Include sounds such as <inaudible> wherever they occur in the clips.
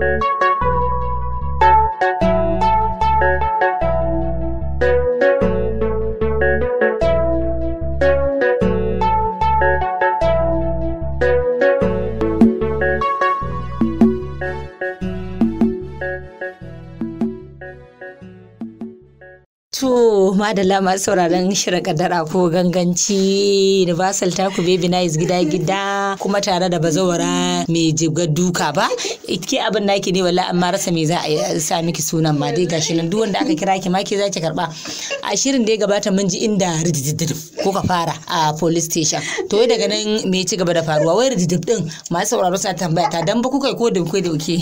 Thank you. madalla masu sauraron shirin kaddara ko ganganci universal ku baby nice gida gida kuma tare da bazawara mai jibga duka ba ke abin naki ne wala amma rasa me za a sa miki sunan ma dai gashi nan duk wanda aka kira ki ma ke za ki karba a shirin da ya gabata mun ji inda ridididid ko ka fara a police station to wai daga nan me ci gaba da faruwa wai rididid din masu sauraron suna tambaya ta dan ba kai ko da ku da kuke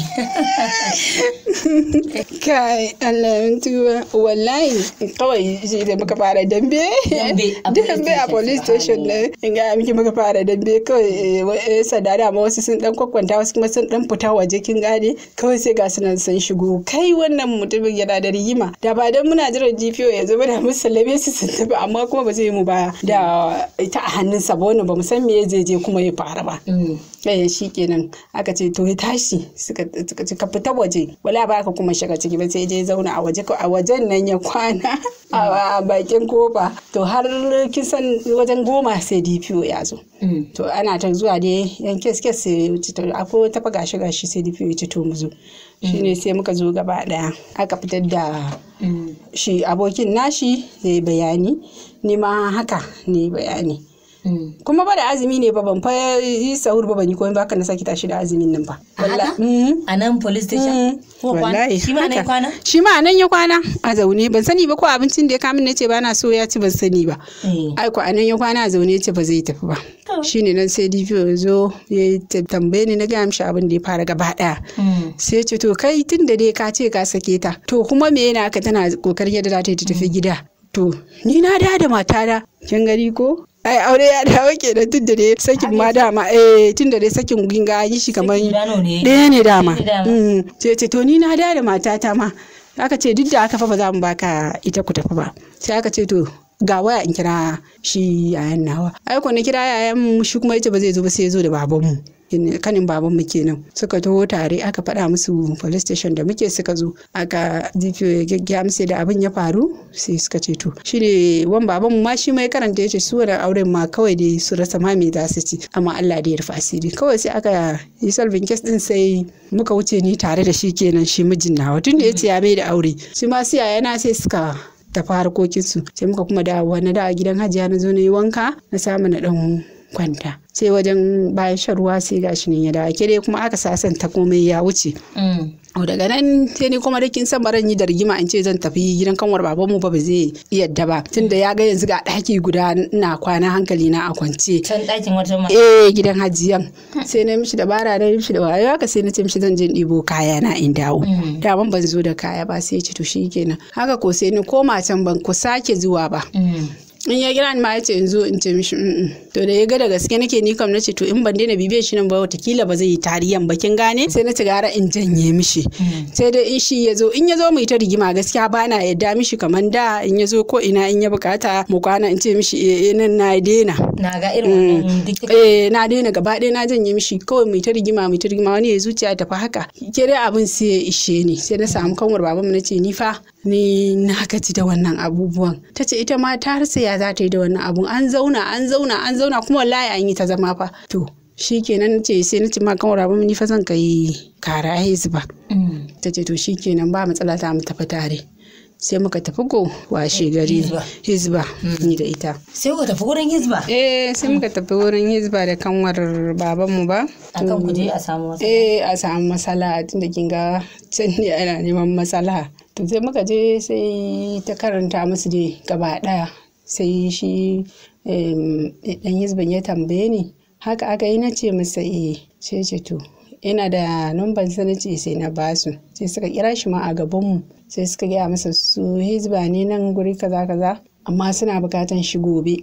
kai Allah ya tuba wallahi kawai ji da muka fara dambe dambe a police station ne in ga miki muka fara dambe kawai eh, eh, sada da ma wasu sun dan kwakwanta wasu kuma sun dan fita waje kin gane kawai sai ga su nan sun shigo kai wannan mutumin yana da rigima da ba dan muna jiran GPO yanzu ba da musallabe su sun tafi amma kuma ba zai mu ba da ita a hannun sa ba wannan ba mu san me zai je kuma ya fara ba mm. eh shi kenan aka ce to ya tashi suka suka fita waje wala ba ka kuma shiga ciki ba sai je zauna a waje a wajen nan ya kwana mm. a bakin kofa to har kisan wajen goma sai dpo ya zo mm. to ana ta zuwa da yan kes kes sai ta akwai ta faga gashi gashi sai dpo ya to mu zo mm. shine sai muka zo gaba daya aka fitar da mm. shi abokin nashi ya yi bayani ni ma haka ne bayani kuma ba da azumi ne ba ban fa yi sahur ba ban yi komai ba kana saki tashi da azumin nan ba wallahi mm. a nan police station mm. ko kwana shi ma nan kwana shi ma nan ya kwana a zaune ban sani ba ko abincin da ya kamin ce ba na so ya ci ban sani ba eh. ai ko a nan ya kwana a zaune ce ba zai tafi ba ne nan sai DPO ya zo ya tambaye ni na gaya mishi abin da ya fara gaba daya mm. sai ce to kai tun da dai ka ce ka sake ta to kuma me yana ka tana kokarin yadda za ta tafi gida to ni na da da matana kin gari ko ai aure ya dawo da tun da dai sakin ma dama eh tun da dai sakin ginga an yi shi kamar ɗaya ne dama ce mm. ce to ni na da da matata ma aka ce duk da aka fa ba za mu baka ita ku tafi ba sai aka ce to ga waya in kira shi yayan nawa ai ko na kira yayan mu shi kuma yace ba zai zo ba sai ya zo da babanmu kanin babanmu kenan suka taho tare aka faɗa musu police station da muke suka zo aka DPO ya gaggaya musu da abin ya faru sai suka ce to shine wan babanmu ma shi mai karanta yace su wannan auren ma kawai dai su rasa ma me za su ci amma Allah da ya rufa asiri kawai sai aka yi solving kes din sai muka wuce ni tare da shi kenan shi mijin nawa tunda yace ya mai da aure shi ma sai yana sai suka tafi harkokinsu sai muka kuma dawo na da gidan hajiya na zo na yi wanka na samu na dan kwanta sai wajen bayan shan ruwa sai gashi ne ya dawo ke dai kuma aka sasanta komai ya wuce mm. daga nan sai ni kuma kin san baran yi da rigima in ce zan tafi gidan kanwar baban mu ba ba zai yadda ba tunda ya ga yanzu ga daki guda na kwana hankali na a kwance can dakin wajen ma eh gidan hajiyan sai na mishi dabara na mishi da wayo haka sai na ce mishi zan je dibo kaya na in dawo mm. da ban zo da kaya ba sai ya ce to shikenan haka ko sai ni koma can ban ku sake zuwa ba mm. in ya gina ni ma ya ce in zo in ce mishi to da ya ga da gaske nake ni kam nace to in ban daina bibiyar shi nan ba kila ba zai yi tariyan ba kin gane sai na tigara in janye mishi mm. sai dai in shi ya zo in ya zo mu yi ta rigima gaskiya ba na yadda mishi kamar da in ya zo ko ina in ya bukata mu kwana in ce mishi eh, eh nan na dena." na ga irin mm. eh na dena gaba ɗaya na janye mishi kawai mu yi ta rigima mu yi ta rigima wani ya zuciya ta fa haka ke dai abin sai ya ishe ni sai na samu kanwar babanmu nace ni fa ni na gaji da wannan abubuwan ta ce ita ma ta harsa ya za ta yi da wannan abu. an zauna an zauna an zauna kuma wallahi an yi ta zama fa to shikenan ce sai na ce ma kan rabu ni fa zan kai kara aizu ba mm. ta ce to shikenan ba matsala ta mu tafi tare sai muka tafi go washe eh, gari hizba mm. ni da ita sai muka tafi wurin hizba eh sai muka tafi wurin hizba da kanwar baban mu ba akan kuje a samu masala eh a samu masala tunda kin ga can ne ana neman masala to sai muka je sai ta karanta musu dai gaba ɗaya sai shi ɗan hizbin ya tambaye ni haka aka yi na ce masa eh. ce to ina da numban sanace ce eh, sai na basu sai suka kira shi ma a gabanmu sai suka gaya masa su hizba ne nan guri kaza kaza amma suna bukatan shi gobe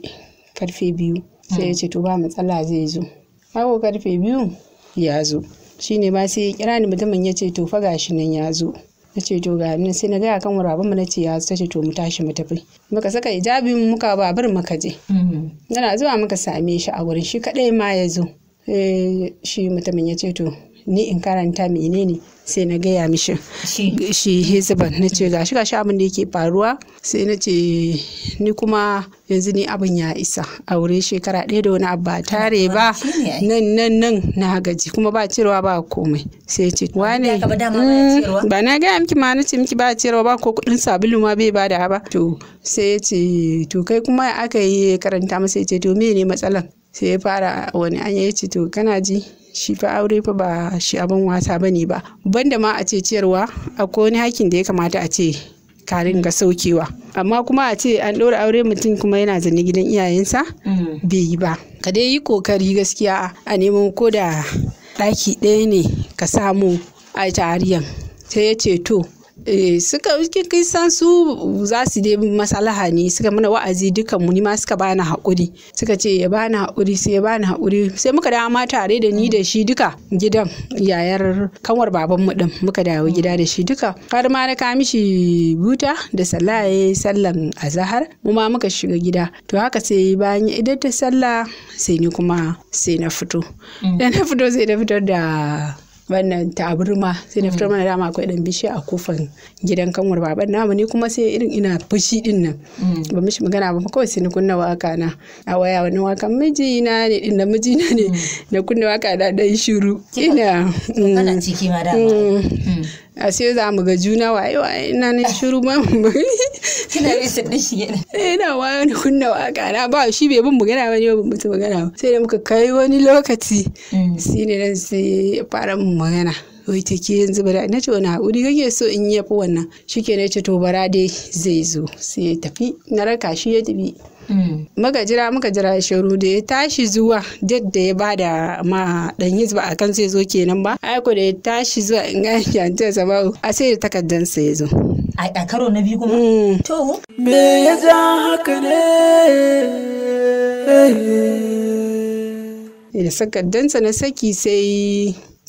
karfe biyu sai ya ce to ba matsala zai zo hako karfe biyu ya zo shine ba sai ya kira ni mutumin ya ce to fa gashi nan ya zo na ce to ga min sai na gaya kan wuraben mu na ce ya ta ce to mu tashi mu tafi muka saka hijabi muka babur muka je yana mm-hmm. zuwa muka same shi a wurin shi kadai ma ya zo eh, shi mutumin ya ce to ni in karanta menene sai na gaya mishi shi hezban na ce gashi gashi abin da yake faruwa sai na ce ni kuma yanzu ni abin ya isa aure shekara ɗaya da wani abu ba tare ba nan nan nan na gaji kuma ba cirewa ba komai sai ce wane hmm, ba na gaya miki ma na ce miki ba cirewa ba ko kuɗin sabulu ma bai bada ba to sai ya ce to kai kuma aka yi karanta masa ya ce to me ne matsalan sai ya fara wani an ya ce to kana ji shi fa aure fa ba shi abin wasa bane ba banda ma a ce ciyarwa akwai wani hakin da ya kamata a ce ka ga saukewa amma kuma a ce an ɗora aure mutum kuma yana zane gidan iyayensa mm. bai yi ba ka dai yi kokari gaskiya a neman ko da ɗaki ɗaya ne ka samu a tariyan sai ya ce to Eh, suka kin san su za su dai masalaha ne suka mana wa'azi dukan mu ma suka bani haƙuri suka ce ya bani haƙuri sai ya bani haƙuri sai muka dawo ma tare da ni da shi duka gidan yayar kanwar baban mu din muka dawo gida da shi duka har ma na ka mishi buta da Sallaye sallan azahar mu ma muka shiga gida to haka sai bayan idan ta sallah sai ni kuma sai na fito mm. da na fito sai na fitar da wannan taburma sai na fitar mana dama akwai dan bishiya a kofan gidan kanwar baban namu ni kuma sai irin ina fushi din nan mm. ba mishi magana ba kawai sai na kunna waka na a waya wani waka miji na ne din da miji na ne mm. na kunna waka da dan shiru ina a sai za mu ga juna waye waye ina ne shiru ba mu kina yi sai shi yana eh, ina waye ni kunna waka na ba shi bai bin magana ba ne ba mutu magana sai da muka kai wani lokaci mm. shi ne nan sai fara mu magana wai ta ke yanzu bara na ce wani haƙuri kake so in yi yafi wannan shi ke na ce to bara dai zai zo sai ya tafi na raka shi ya tafi muka jira muka jira shiru da ya tashi zuwa duk da ya ba da ma dan ba a kan sai zo kenan ba ai ko da ya tashi zuwa in ga yantar sa ba a sai da takaddan sa ya zo a karo na biyu kuma mm. to me ya ja haka ne da sakaddansa na saki sai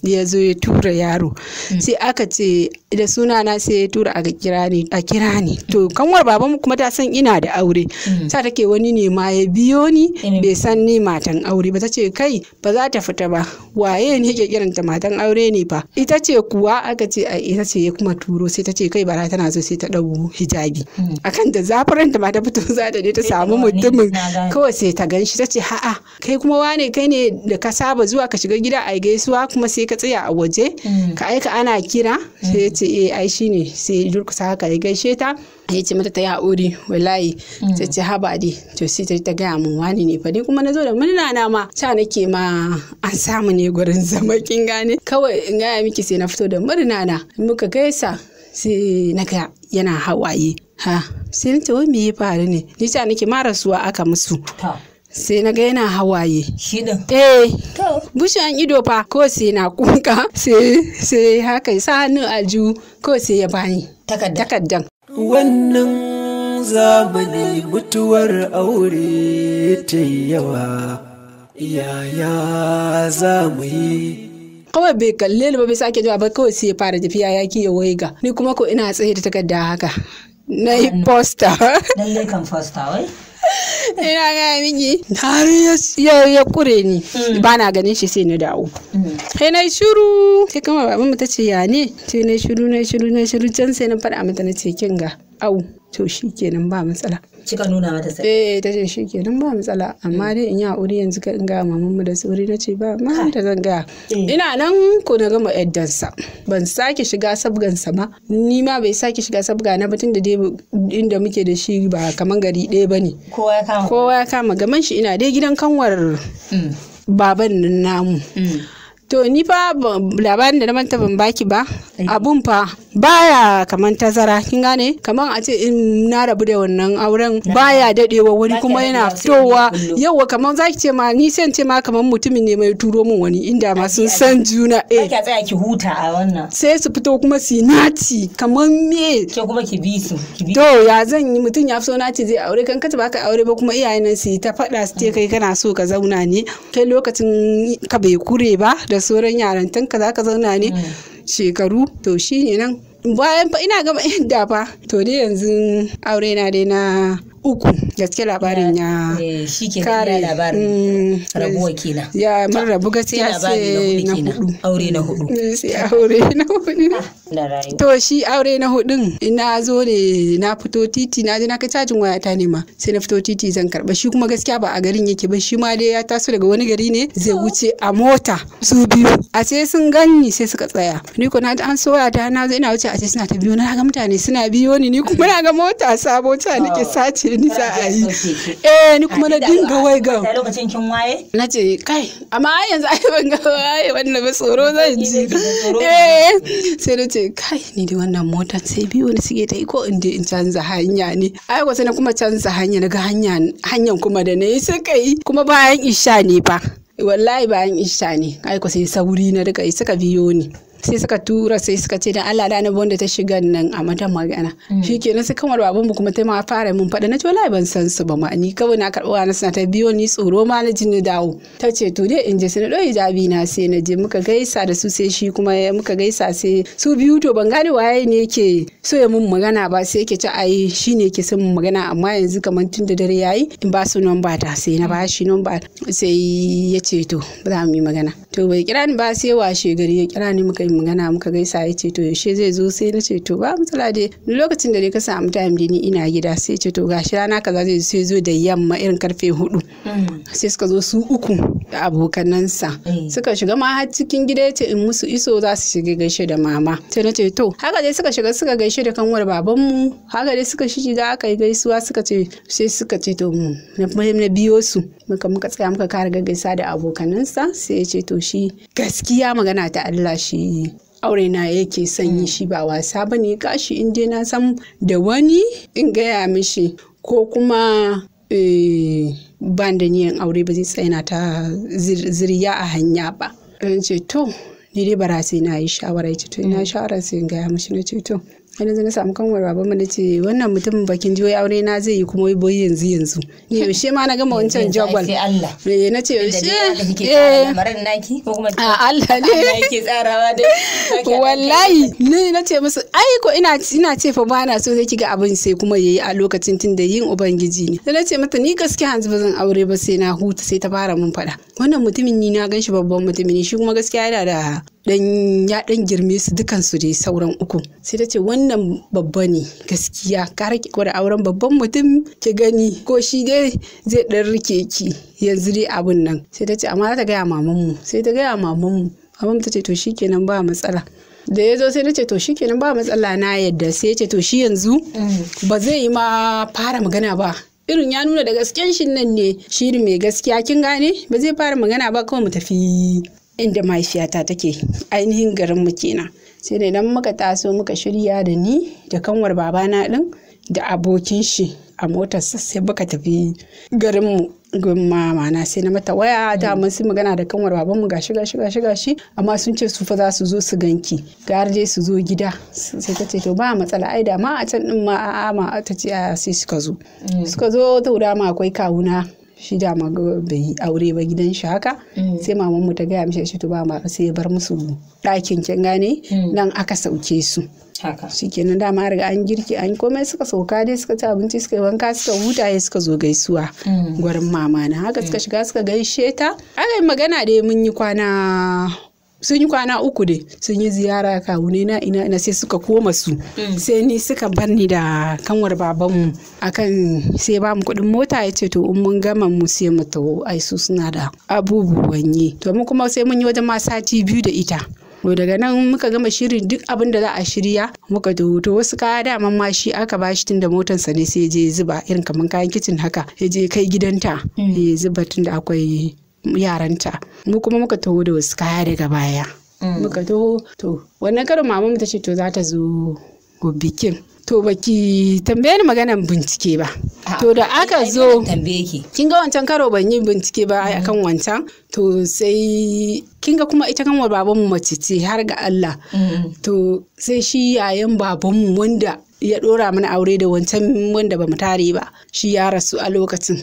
ya zo ya tura yaro mm. sai aka ce da suna na sai ya tura a kira ni a kira ni to kanwar baban kuma ta san ina da aure mm. sa take wani ne ma ya biyo ni bai san ni matan aure ba ta ce kai ba za ta fita ba waye ne yake kiranta matan aure ne fa ita ce kuwa aka ce a ita ce ya kuma turo sai ta ce kai bara tana so sai ta dau hijabi mm. akan da zafiranta ma ta fito <laughs> za ta je ta samu mutumin kawai sai ta ganshi ta ce ha'a kai kuma wane kai ne da ka saba zuwa ka shiga gida a gaisuwa kuma sai ka ka tsaya a waje mm. ka aika ana kira sai ya ce eh ai shine sai ya durkusa haka ya gaishe ta ya ce mata ta yi aure wallahi mm. ta ce haba ne to sai ta gaya mun wani ne fa ni kuma na zo da murna na ma ca nake ma an samu ne gurin zama kin gane kawai in gaya miki sai na fito da murna na muka gaisa sai na ga yana hawaye ha sai na wai me ya faru ne ni ca nake ma rasuwa aka musu sai na ga yana hawaye eh Bushen ido fa ko sai na kunka sai sai haka sa hannu ju ko sai ya bani takaddan wannan zamani mutuwar aure ta yawa yaya za mu yi kawai bai kalle ba bai sake zuwa ba kawai sai ya fara tafiya ya ki waiga ni kuma ko ina tsaye da takarda haka na yi posta <laughs> ina gaya miki Nari ya kure ni mm. ba na ganin shi sai na dawo mm. sai na shiru sai kuma baban mu ce ya ne sai na shiru na shiru na shiru can sai na faɗa mata na ce kin ga au to shi kenan ba matsala cika nuna mata sai eh ta ce shi nan ba matsala amma dai in yi haƙuri yanzu ka in ga mamanmu da sauri na ce ba ma ta zan gaya eh. ina nan ko na gama yaddansa ban sake shiga sabgansa ba ni ma bai sake shiga sabga na ba tunda dai inda muke da shi ba kaman gari ɗaya ba ne kowa ya kama gaman shi ina dai gidan kanwar mm. baban namu mm. to ni fa labarin da na manta ban baki ba eh. abun fa baya kaman tazara kin gane kaman a ce in na rabu da wannan auren baya dadewa wani kuma yana fitowa yawa kaman zaki ce ma ni sai ce ma kaman mutumin ne mai turo min wani inda ma sun san juna eh ka tsaya ki huta a wannan sai su fito kuma su naci kaman me ke kuma ki bi su to ya zan yi mutum ya fi so naci zai aure kan kace baka aure ba kuma iyayen nan su ta faɗa su ce kai kana so ka zauna ne kai lokacin ka bai kure ba da sauran yaran tanka zaka zauna ne mm. shekaru to shine nan bayan fa ina gama <laughs> yadda fa to dai yanzu aure na dai na uku gaske labarin ya eh, kare mm. rabuwa ya mara rabu gaskiya sai na hudu aure na hudu mm, sai aure <laughs> na hudu ah, to shi aure na hudun ina zo ne na fito titi na je na ka cajin wayata ne ma sai na fito titi zan karba shi kuma gaskiya ba a garin yake ba shi ma dai ya taso daga wani gari ne zai wuce a mota su biyu a ce sun ganni sai suka tsaya ni ko na an soya ta na zo ina wuce a ce suna ta biyu na ga mutane suna biyo ni ni kuma na ga mota sabo ta nake sace da <laughs> ni za a yi eh ni kuma na dinga wai ga lokacin kin waye na ce kai amma ai yanzu ai ban ga waye wannan ba tsoro zan ji eh sai na ce kai ni da wannan mota sai biyo ne suke ta iko in in canza hanya ne ai wasu na kuma canza hanya na ga hanyan kuma da na yi suka yi kuma bayan isha ne ba wallahi bayan isha ne ai sai sauri na riga suka biyo ni sai suka tura sai suka ce dan Allah da na wanda ta shiga nan a mata magana mm. shikenan sai kamar baban mu kuma ta ma fara mun faɗa na ce wallahi ban san su ba ma ni kawai na karɓa na sana ta biyo ni tsoro ma na ji ni dawo ta ce to dai in je sai na ɗau hijabi na sai na je muka gaisa da su sai shi kuma muka gaisa sai su biyu to ban gane waye ne yake so ya mun magana ba sai yake ci ai shi ne yake son mun magana amma yanzu kamar tun da dare yayi in ba su nomba ta sai na ba shi nomba sai ya ce to ba za mu yi magana to bai kira ni ba sai washe gari ya kira ni muka yi magana muka gaisa ya ce to yaushe zai zo sai na ce to ba matsala dai lokacin da ne ka samu time da ni ina gida sai ce to gashi rana kaza zai sai zo da yamma irin karfe hudu mm. sai suka zo su uku abokanansa mm. suka shiga ma har cikin gida yace in musu iso za su shiga gaishe da mama ta na ce to haka dai suka shiga suka gaishe da kanwar babanmu haka dai suka shiga aka yi gaisuwa suka ce sai suka ce to mu mm, na biyo su muka muka tsaya muka kara gaisa da abokanansa sai ya ce to shi gaskiya magana ta Allah shi aure na yake sanyi mm. shi ba wasa ba ne Kashi in dai na san da wani in gaya mishi ko kuma eh, Ban da niyan aure ba zai na ta zirya a hanya ba in ce to ni dai bara sai na yi shawara ya ce to ina mm. shawara sai gaya mashi na ce to yanzu na samu kanwar baban mu nace wannan mutumin bakin jiyo aure na zai yi kuma boyi yanzu yanzu ne yaushe ma na gama wancan jagwal eh nace yaushe eh lamarin naki ko kuma a Allah ne yake tsarawa dai wallahi ni nace musu ai ko ina ina ce fa ba na so sai kiga abin sai kuma yayi a lokacin tun da yin ubangiji ne sai nace mata ni gaskiya yanzu ba zan aure ba sai na huta sai ta fara mun fada wannan mutumin ni na ganshi babban mutumin ne shi kuma gaskiya yana da dan ya dan girme su dukan su dai sauran uku sai ta ce wannan babba ne gaskiya ka rike da auren babban mutum ki gani ko shi dai zai dan rike ki yanzu dai abun nan sai ta ce amma ta gaya maman mu sai ta gaya maman mu ta ce to shikenan ba matsala da ya zo sai ta ce to shikenan ba matsala na yadda sai ya ce to shi yanzu mm. ba zai yi ma fara magana ba irin ya nuna da gasken shi nan ne shi mai gaskiya kin gane ba zai fara magana ba kawai mu tafi inda mahaifiyata take ainihin garinmu kenan sai da idan muka taso muka shirya da ni da kanwar babana din da abokin shi a motar sai muka tafi garinmu gun mama na sai na mata waya da mun sun magana da kanwar baban mu gashi gashi gashi gashi amma sun ce su fa za su zo su ganki gar je su zo gida sai ta ce to ba matsala ai da ma a can din ma a'a ma ta ce sai suka zo mm. suka zo ta ma akwai kawuna shi dama bai yi aure ba gidan shi haka mm. sai maman mu ta gaya mishi shi to ba ma sai bar musu ɗakin kin gane mm. nan aka sauke su da dama riga an girki an komai suka sauka dai suka ci abinci suka yi wanka suka huta ya suka zo gaisuwa mm. gwarin mama na haka suka shiga suka gaishe ta aka yi magana dai mun yi kwana sun yi kwana uku dai sun yi ziyara kawune na ina ina sai suka koma su mm. sai ni suka bar ni da kanwar babanmu akan sai ba mu kuɗin mota ya ce to in mun gama mu sai mu tawo ai su suna da abubuwan yi to mu kuma sai mun yi wajen ma sati biyu da ita to daga nan muka gama shirin duk abin da za a shirya muka to wasu kaya da ma shi aka ba shi tunda motarsa ne sai je zuba irin kamar kayan kicin haka ya je kai gidanta mm. ya zuba tunda akwai yaranta mu kuma muka taho da wasu kaya daga baya mm. muka taho to wannan karin maman ta ce to za ta zo bikin to baki tambaye ni maganan bincike ba ah, to da aka zo kin ga wancan karo ban yi bincike ba mm. a kan wancan to sai kin ga kuma ita kanwar babanmu mace ce har ga Allah mm. to sai shi yayan babanmu wanda ya ɗora mana aure da wancan wanda ba mu tare ba shi ya rasu a lokacin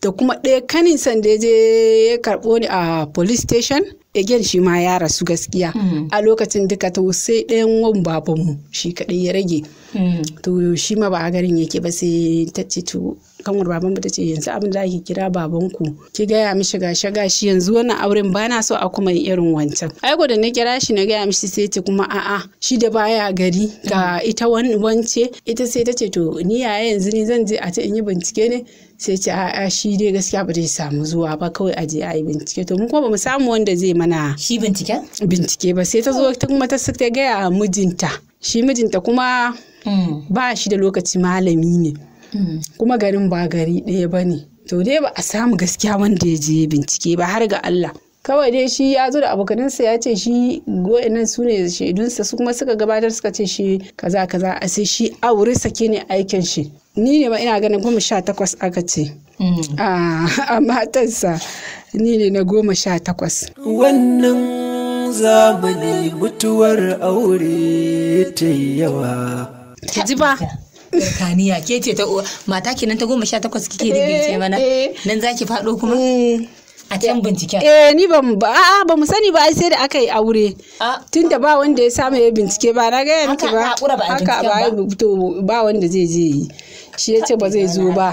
da kuma ɗaya kanin da je ya karɓo ni a police station again shi ma ya rasu gaskiya hmm. a lokacin duka to sai ɗayan wan babanmu shi kaɗai ya rage hmm. to shi ma ba a garin yake ba sai ta ce to kanwar ba ta ce yanzu abin da ake kira ku ki gaya mishi gashi gashi yanzu wannan auren ba na so a kuma yin irin wancan ai da na kira shi na gaya mishi sai ce kuma a'a shi da baya gari ga ita wance ita sai ta ce to ni yaya yanzu ni zan je a ce in yi bincike ne sai ce a'a shi dai gaskiya ba zai samu zuwa ba kawai a je a yi bincike to mun kuma ba mu samu wanda zai mana shi bincike bincike ba sai ta zo ta kuma ta gaya mijinta shi mijinta kuma hmm. ba shi da lokaci malami ne kuma garin ba gari ɗaya ba ne to dai ba a samu gaskiya wanda ya je bincike ba har ga Allah kawai dai shi ya zo da abokaninsa ya ce shi nan su ne shaidunsa su kuma suka gabatar suka ce shi kaza kaza a sai shi a wuri sake ne aikin shi ni ne ma ina ganin goma sha takwas aka ce mm. a matansa ni ne na goma sha takwas wannan zamani mutuwar aure ta yawa ji ba kaniya ke ce ta mata kenan ta goma sha takwas kike digirce mana eh, eh. nan zaki faɗo kuma a can binciken eh ni ba a ba mu sani ba sai da aka yi aure tunda ba wanda ya samu ya bincike ba na ga yanki ba haka ba to ba wanda zai je yi shi ya ce ba zai zo ba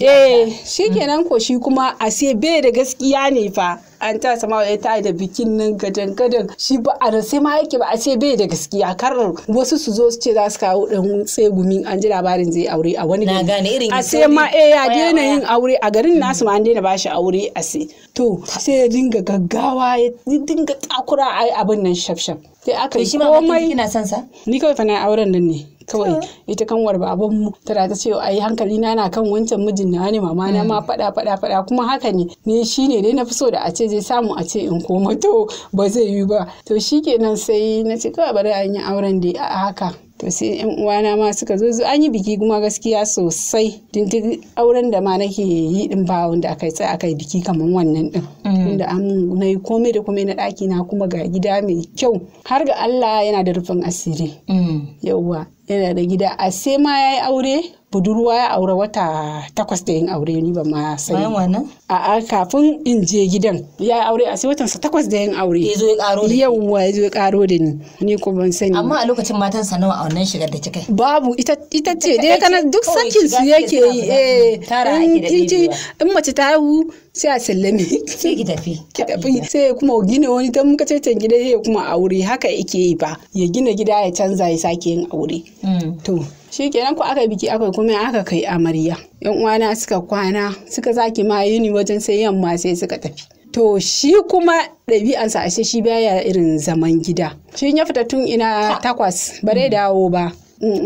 eh shi kenan ko shi kuma a sai bai da gaskiya ne fa an ta sama ya ta da bikin nan gadan gadan shi ba a rase ma yake ba a ce bai da gaskiya kar wasu su zo su ce za su kawo dan tsegumi an ji labarin zai aure a wani gari a sai ma eh ya daina yin aure a garin nasu ma an daina bashi aure a sai to sai ya dinga gaggawa ya dinga takura a yi abin nan shafshaf sai aka yi komai kina son sa ni kawai fa na auren nan ne kawai ita kanwar baban mu tana ta ce ai hankali na na kan wancan mijin na ne mama na ma mm. faɗa faɗa faɗa kuma haka ne ne shine dai na fi so da a ce zai samu a ce in koma to ba zai yi ba to shikenan sai na ce kawai bari an yi auren da a haka to sai yan uwana ma suka zo an yi biki kuma gaskiya sosai dindin auren da ma nake yi din ba wanda aka yi aka yi biki kamar wannan din inda mm. an na yi komai da komai na ɗaki na kuma ga gida mai kyau har ga Allah yana da rufin asiri mm. yauwa yana da gida a sai ma yayi aure budurwa ya aure wata takwas da yin aure ni ba ma sani a kafin in je gidan ya aure a sai watansa takwas da yin aure ya zo ya karo da yawwa ya zo ya karo da ni ni ko ban sani amma a lokacin matan sa nawa a wannan shigar da kika babu ita ita ce dai kana duk sakin su yake yi eh in mace ta hu sai a sallame sai ki tafi <laughs> ki tafi sai kuma gina wani dan muka ce gida sai kuma aure haka yake yi ba ya gina gida ya canza ya sake yin aure hmm. to shi kenan ku aka biki aka kuma aka kai amarya yan uwana suka kwana suka zaki ma yini wajen sai yamma sai suka tafi to shi kuma ɗabi'ansa ashe shi baya irin zaman gida shi ya fita tun ina takwas ba dai dawo ba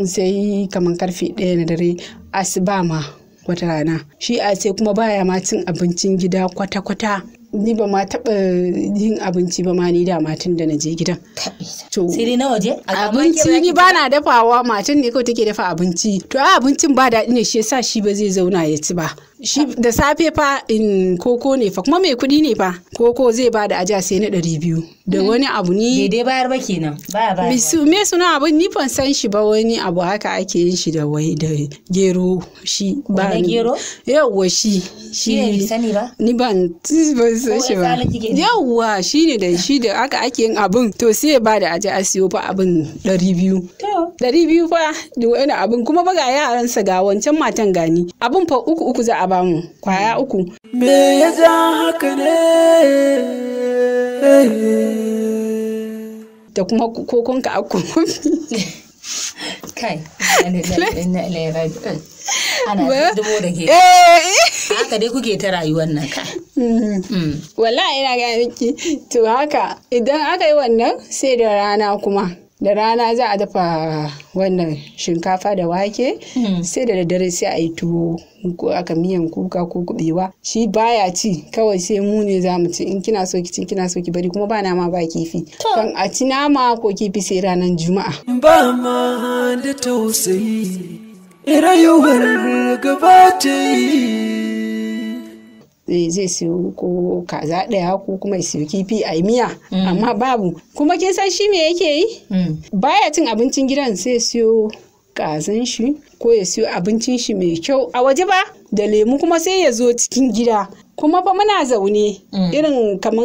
sai kamar karfe ɗaya na dare asuba ma wata rana shi a sai kuma baya ma cin abincin gida kwata-kwata ni ba ma taɓa yin abinci ba ma ni da matan da na je gidan. sai na waje? Abinci ni ba na dafawa matan ne kawai take dafa abinci. To a abincin ba daɗi ne shi yasa shi ba zai zauna ya ci ba. shi da safe fa in koko ne fa kuma mai kuɗi ne fa koko zai ba da aja sai na ɗari biyu da hmm. wani abu ni daidai bayar ba kenan baya baya me suna abu ni ban san shi ba wani abu haka ake yin shi da wai da gero shi ba ni gero yawwa shi shi ne sani ba ni ban ban san shi ba yawwa shi ne da shi da haka ake yin abun to sai ba da aja a siyo fa abun ɗari biyu ɗari biyu fa da wani abun kuma ba ga yaransa ga wancan matan gani abun fa uku uku za a bamu kwaya uku me ya ja haka ne da kuma kokonka a kofi kai ana dubo da ke eh. haka dai kuke ta rayuwar nan ka mm-hmm. mm. wallahi ina ga miki to haka idan aka yi wannan sai da rana kuma da rana za a dafa wannan shinkafa da wake hmm. sai da daddare sai a yi tuwo ko aka miyan kuka ko kubewa shi baya ci kawai sai mu ne za mu ci in kina so ki ci kina so ki bari kuma ba nama ba kifi kan a ci nama ko kifi sai ranar juma'a ba ma da tausayi rayuwar gaba ta yi Eh, zai siyo ko kaza ɗaya ko kuma ya siyo kifi a miya mm. amma babu kuma kin san shi me yake yi mm. baya cin abincin gidan sai siyo kazan shi ko ya siyo abincin shi mai kyau a waje ba da lemu kuma sai ya zo cikin gida kuma fa muna zaune mm. irin kamar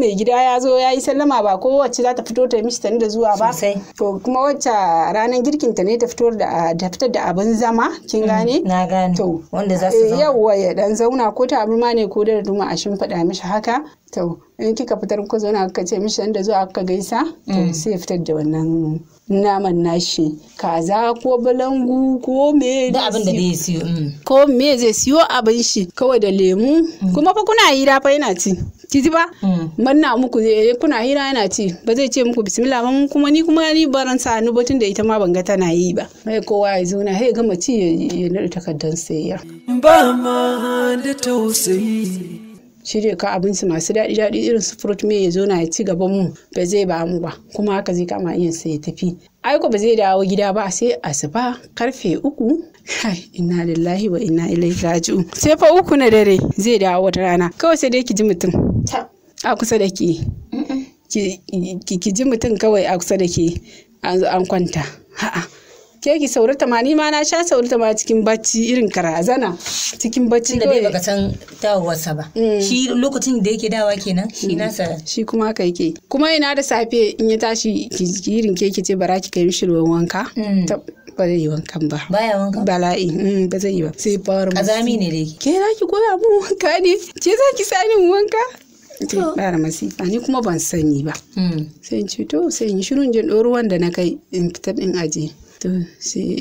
mai gida ya zo ya yi sallama ba ko wacce za ta fito ta mishi tani da zuwa ba to kuma wacce ranar girkin ta ne ta fito da fitar da abin zama kin mm, gane na gane to wanda za su eh, zauna yawa ya dan zauna ko ta abin ne ko da duma a shimfiɗa mishi haka to in kika fitar kuka zauna ka ce mishi da zuwa ka gaisa to mm. sai fitar da wannan naman nashi kaza ko balangu ko me da abin da zai siyo mm. ko me zai siyo abin shi kawai da lemu mm. kuma fa kuna hira fa yana ci ki ji ba manna muku eh, kuna hira yana ci ba zai ce muku bismillah ba kuma ni kuma ni baran sa ni batun da ita ma ban ga tana yi ba mai kowa ya zauna sai gama ci ya nada takardar sayya ba ma da tausayi shirya ka abinci masu daɗi daɗi irin su fruit me ya zo na ya ci gaban mu ba zai ba mu ba kuma haka zai kama iya sa ya tafi aiko ba zai dawo gida ba sai asuba karfe uku inna lillahi wa inna ilaihi raji'un sai fa uku na dare zai dawo wata rana kawai sai dai ki ji mutum a kusa da ke ki ji mutum kawai a kusa da ke an kwanta ha'a ke ki ma ni ma na sha sauri ma cikin bacci irin karazana cikin bacci da bai baka san dawowarsa ba mm. shi lokacin da yake dawa kenan shi mm. nasa shi kuma haka yake kuma ina da safe in ya tashi ki irin keki ki ce bara ki kai mishi ruwan wanka mm. ba zai yi wankan ba. Baya wankan? Bala'i, ba zai yi ba. Sai bawar mu. Kazami ne dai. Ke za ki koya mun wanka ne? Ke za ki sani wanka? Ta bara masifa ni kuma ban sanyi ba. Sai in ce to sai in shirin jin ɗoruwan da na kai in fitar in aje. to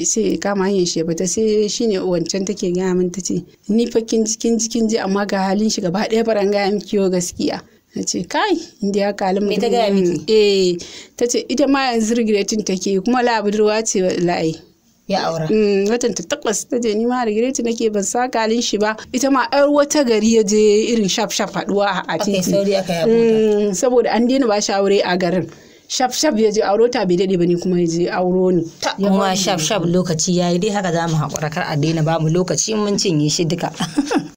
sai kama yin shi ba ta sai shine wancan take gaya min ta ce ni fa kin ji kin ji amma ga halin shi gaba ɗaya baran gaya miki yau gaskiya ta ce kai inda ya kalu mai ta gaya min eh ta ce ita ma yanzu regretin take kuma la budurwa ce la'ai ya aura mm, watan ta takwas ta je ni ma regret nake ban sa kalin shi ba ita ma yar wata gari ya je irin shaf shaf haduwa a titi mm, saboda an daina ba shi aure a garin shafshaf ya je auro ta bai daɗe ba ni kuma ya je auro ni. kuma shaf lokaci ya yi dai haka za mu haƙura kar a daina ba mu lokaci mun cinye shi duka. <laughs>